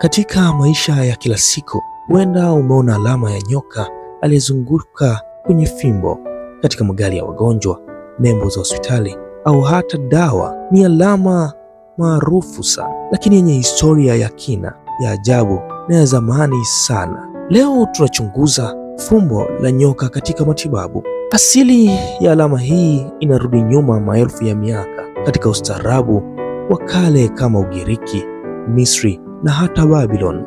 Katika maisha ya kila siku, huenda umeona alama ya nyoka aliyezunguka kwenye fimbo, katika magari ya wagonjwa, nembo za hospitali au hata dawa. Ni alama maarufu sana, lakini yenye historia ya kina, ya ajabu na ya zamani sana. Leo tunachunguza fumbo la nyoka katika matibabu. Asili ya alama hii inarudi nyuma maelfu ya miaka, katika ustaarabu wa kale kama Ugiriki, Misri na hata Babylon.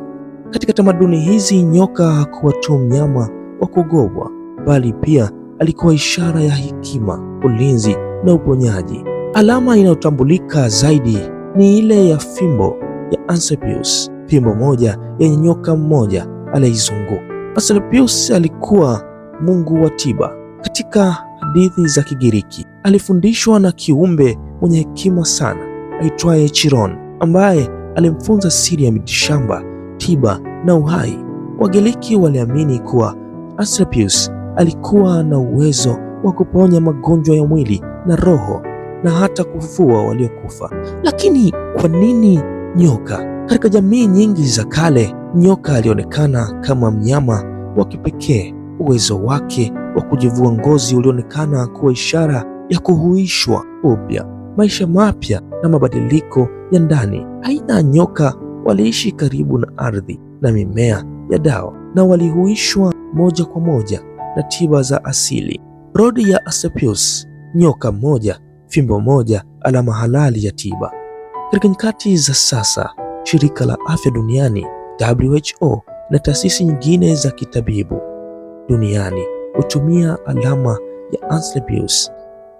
Katika tamaduni hizi, nyoka hakuwa tu mnyama wa kugogwa, bali pia alikuwa ishara ya hekima, ulinzi na uponyaji. Alama inayotambulika zaidi ni ile ya fimbo ya Asclepius, fimbo moja yenye nyoka mmoja aliyeizunguka. Asclepius alikuwa mungu wa tiba. Katika hadithi za Kigiriki alifundishwa na kiumbe mwenye hekima sana aitwaye Chiron ambaye alimfunza siri ya mitishamba, tiba na uhai. Wagiriki waliamini kuwa Asclepius alikuwa na uwezo wa kuponya magonjwa ya mwili na roho na hata kufufua waliokufa. Lakini kwa nini nyoka? Katika jamii nyingi za kale, nyoka alionekana kama mnyama wa kipekee. Uwezo wake wa kujivua ngozi ulionekana kuwa ishara ya kuhuishwa upya, maisha mapya na mabadiliko ya ndani. Aina ya nyoka waliishi karibu na ardhi na mimea ya dawa na walihuishwa moja kwa moja na tiba za asili. Rodi ya Asclepius, nyoka moja, fimbo moja, alama halali ya tiba. Katika nyakati za sasa, shirika la afya duniani WHO na taasisi nyingine za kitabibu duniani hutumia alama ya Asclepius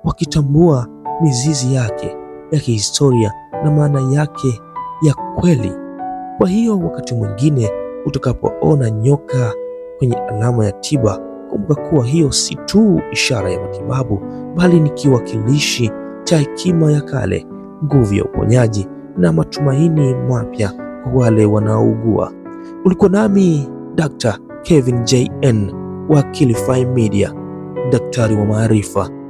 wakitambua mizizi yake ya kihistoria na maana yake ya kweli. Kwa hiyo wakati mwingine utakapoona nyoka kwenye alama ya tiba, kumbuka kuwa hiyo si tu ishara ya matibabu, bali ni kiwakilishi cha hekima ya kale, nguvu ya uponyaji na matumaini mapya kwa wale wanaougua. Ulikuwa nami Dr. Kevin JN wa Kilify Media, daktari wa maarifa.